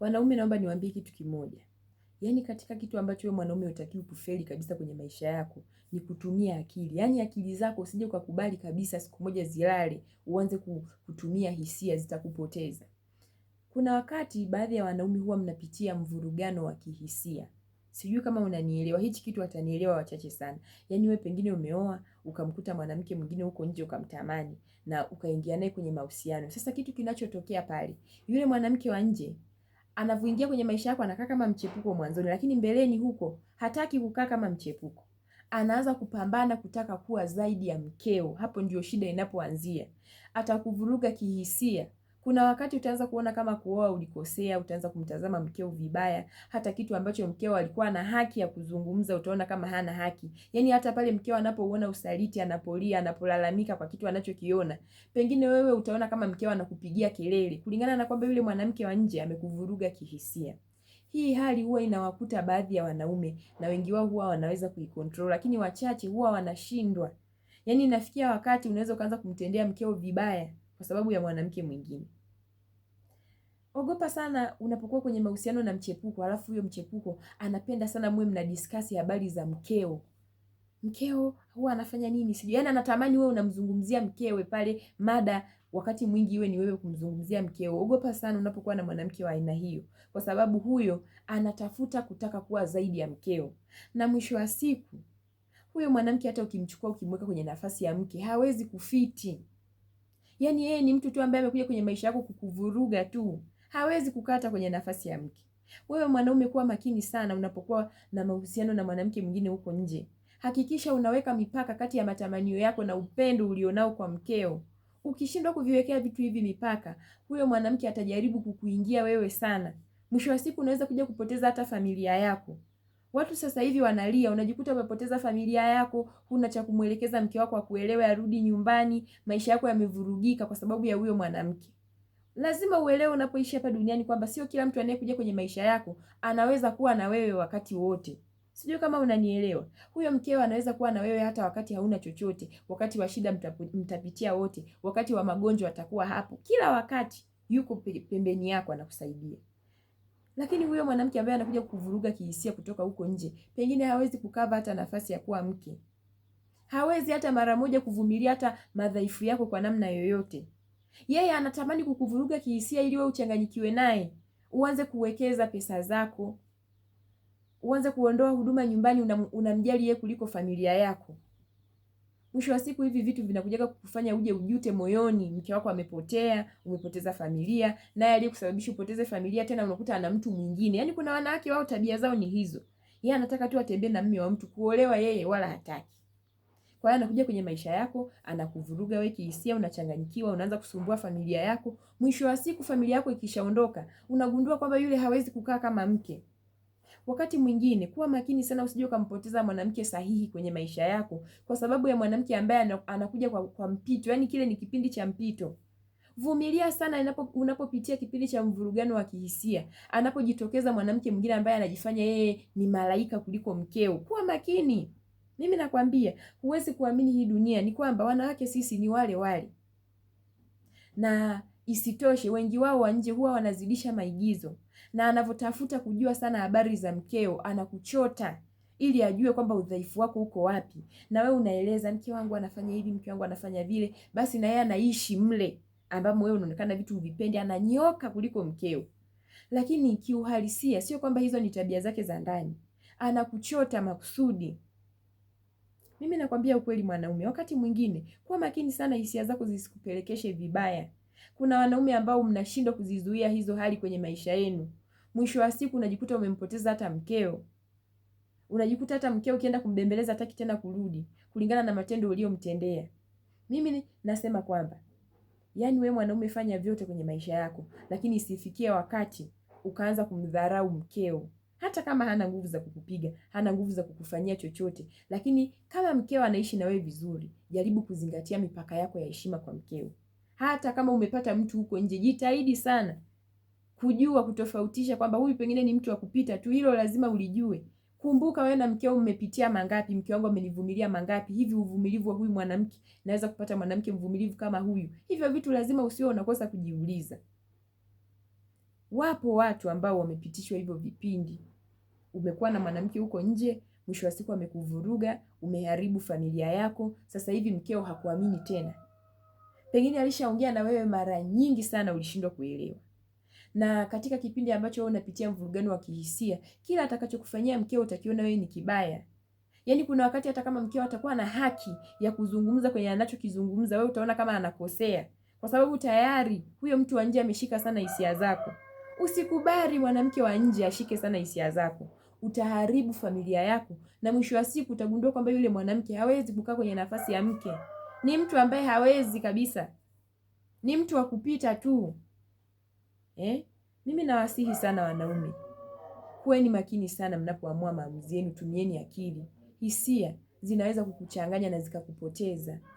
Wanaume naomba niwaambie kitu kimoja. Yaani katika kitu ambacho wewe mwanaume hutakiwi kufeli kabisa kwenye maisha yako ni kutumia akili. Yaani akili zako usije ukakubali kabisa siku moja zilale, uanze kutumia hisia zitakupoteza. Kuna wakati baadhi ya wanaume huwa mnapitia mvurugano wa kihisia. Sijui kama unanielewa, hichi kitu atanielewa wachache sana. Yaani wewe pengine umeoa, ukamkuta mwanamke mwingine huko nje ukamtamani na ukaingia naye kwenye mahusiano. Sasa kitu kinachotokea pale, yule mwanamke wa nje anavyoingia kwenye maisha yako anakaa kama mchepuko mwanzoni, lakini mbeleni huko hataki kukaa kama mchepuko, anaanza kupambana kutaka kuwa zaidi ya mkeo. Hapo ndio shida inapoanzia, atakuvuruga kihisia kuna wakati utaanza kuona kama kuoa ulikosea, utaanza kumtazama mkeo vibaya, hata kitu ambacho mkeo alikuwa na haki ya kuzungumza utaona kama hana haki. Yaani hata pale mkeo anapouona usaliti, anapolia, anapolalamika kwa kitu anachokiona, pengine wewe utaona kama mkeo anakupigia kelele kulingana na kwamba yule mwanamke wa nje amekuvuruga kihisia. Hii hali huwa inawakuta baadhi ya wanaume na wengi wao huwa wanaweza kuikontrol, lakini wachache huwa wanashindwa. Yaani inafikia wakati unaweza ukaanza kumtendea mkeo vibaya kwa sababu ya mwanamke mwingine. Ogopa sana unapokuwa kwenye mahusiano na mchepuko, alafu huyo mchepuko anapenda sana mwe mna discuss habari za mkeo mkeo huwa anafanya nini sijui, yani anatamani wewe unamzungumzia mkewe pale, mada wakati mwingi iwe ni wewe kumzungumzia mkeo. Ogopa sana unapokuwa na mwanamke wa aina hiyo, kwa sababu huyo anatafuta kutaka kuwa zaidi ya mkeo, na mwisho wa siku huyo mwanamke hata ukimchukua ukimweka kwenye nafasi ya mke hawezi kufiti. Yani yeye ni mtu tu ambaye amekuja kwenye maisha yako kukuvuruga tu hawezi kukata kwenye nafasi ya mke. Wewe mwanaume, kuwa makini sana unapokuwa na mahusiano na mwanamke mwingine huko nje. Hakikisha unaweka mipaka kati ya matamanio yako na upendo ulionao kwa mkeo. Ukishindwa kuviwekea vitu hivi mipaka, huyo mwanamke atajaribu kukuingia wewe sana. Mwisho wa siku unaweza kuja kupoteza hata familia yako. Watu sasa hivi wanalia, unajikuta umepoteza familia yako, huna cha kumwelekeza mke wako akuelewe, arudi nyumbani, maisha yako yamevurugika kwa sababu ya huyo mwanamke. Lazima uelewe unapoishi hapa duniani kwamba sio kila mtu anayekuja kwenye maisha yako anaweza kuwa na wewe wakati wote. Sijui kama unanielewa. Huyo mkeo anaweza kuwa na wewe hata wakati hauna chochote, wakati wa shida mtapitia wote, wakati wa magonjwa atakuwa hapo. Kila wakati yuko pembeni yako anakusaidia. Lakini huyo mwanamke ambaye anakuja kuvuruga kihisia kutoka huko nje, pengine hawezi kukava hata nafasi ya kuwa mke. Hawezi hata mara moja kuvumilia hata madhaifu yako kwa namna yoyote. Yeye anatamani kukuvuruga kihisia ili wewe uchanganyikiwe naye, uanze kuwekeza pesa zako, uanze kuondoa huduma nyumbani, unamjali una yeye kuliko familia yako. Mwisho wa siku hivi vitu vinakujaga kukufanya uje ujute moyoni, mke wako amepotea, umepoteza familia, naye aliyekusababisha upoteze familia tena unakuta ana mtu mwingine. Yaani kuna wanawake wao tabia zao ni hizo. Yeye anataka tu atembee na mume wa mtu, kuolewa yeye wala hataki. Kwa hiyo anakuja kwenye maisha yako, anakuvuruga wewe kihisia, unachanganyikiwa, unaanza kusumbua familia yako. Mwisho wa siku familia yako ikishaondoka, unagundua kwamba yule hawezi kukaa kama mke. Wakati mwingine kuwa makini sana, usije ukampoteza mwanamke sahihi kwenye maisha yako kwa sababu ya mwanamke ambaye anakuja kwa, kwa mpito. Yani kile ni kipindi cha mpito. Vumilia sana inapo, unapopitia kipindi cha mvurugano wa kihisia, anapojitokeza mwanamke mwingine ambaye anajifanya yeye ni malaika kuliko mkeo. Kuwa makini. Mimi nakwambia huwezi kuamini hii dunia ni kwamba wanawake sisi ni wale wale, na isitoshe wengi wao wa nje huwa wanazidisha maigizo, na anavyotafuta kujua sana habari za mkeo anakuchota ili ajue kwamba udhaifu wako uko wapi, na we unaeleza mke wangu anafanya hivi, mke wangu anafanya vile, basi na yeye anaishi mle ambapo wewe unaonekana vitu uvipendi, ananyoka kuliko mkeo. Lakini kiuhalisia sio kwamba hizo ni tabia zake za ndani, anakuchota makusudi. Mimi nakwambia ukweli mwanaume, wakati mwingine kuwa makini sana hisia zako zisikupelekeshe vibaya. Kuna wanaume ambao mnashindwa kuzizuia hizo hali kwenye maisha yenu. Mwisho wa siku unajikuta umempoteza hata mkeo. Unajikuta hata mkeo ukienda kumbembeleza hataki tena kurudi kulingana na matendo uliyomtendea. Mimi nasema kwamba yaani we mwanaume fanya vyote kwenye maisha yako, lakini isifikie wakati ukaanza kumdharau mkeo hata kama hana nguvu za kukupiga, hana nguvu za kukufanyia chochote, lakini kama mkeo anaishi na wewe vizuri, jaribu kuzingatia mipaka yako ya heshima kwa mkeo. Hata kama umepata mtu huko nje, jitahidi sana kujua kutofautisha kwamba huyu pengine ni mtu wa kupita tu. Hilo lazima ulijue. Kumbuka wewe na mkeo mmepitia mangapi, mke wangu amenivumilia mangapi, hivi uvumilivu wa huyu mwanamke, naweza kupata mwanamke mvumilivu kama huyu? Hivyo vitu lazima usio unakosa kujiuliza. Wapo watu ambao wamepitishwa hivyo vipindi. Umekuwa na mwanamke huko nje, mwisho wa siku amekuvuruga, umeharibu familia yako, sasa hivi mkeo hakuamini tena. Pengine alishaongea na wewe mara nyingi sana, ulishindwa kuelewa. Na katika kipindi ambacho wewe unapitia mvurugano wa kihisia, kila atakachokufanyia mkeo utakiona wewe ni kibaya. Yaani kuna wakati hata kama mkeo atakuwa na haki ya kuzungumza kwenye anachokizungumza, wewe utaona kama anakosea, kwa sababu tayari huyo mtu wa nje ameshika sana hisia zako. Usikubali mwanamke wa nje ashike sana hisia zako, utaharibu familia yako, na mwisho wa siku utagundua kwamba yule mwanamke hawezi kukaa kwenye nafasi ya mke. Ni mtu ambaye hawezi kabisa, ni mtu wa kupita tu eh? Mimi nawasihi sana wanaume, kuweni makini sana mnapoamua maamuzi yenu, tumieni akili. Hisia zinaweza kukuchanganya na zikakupoteza.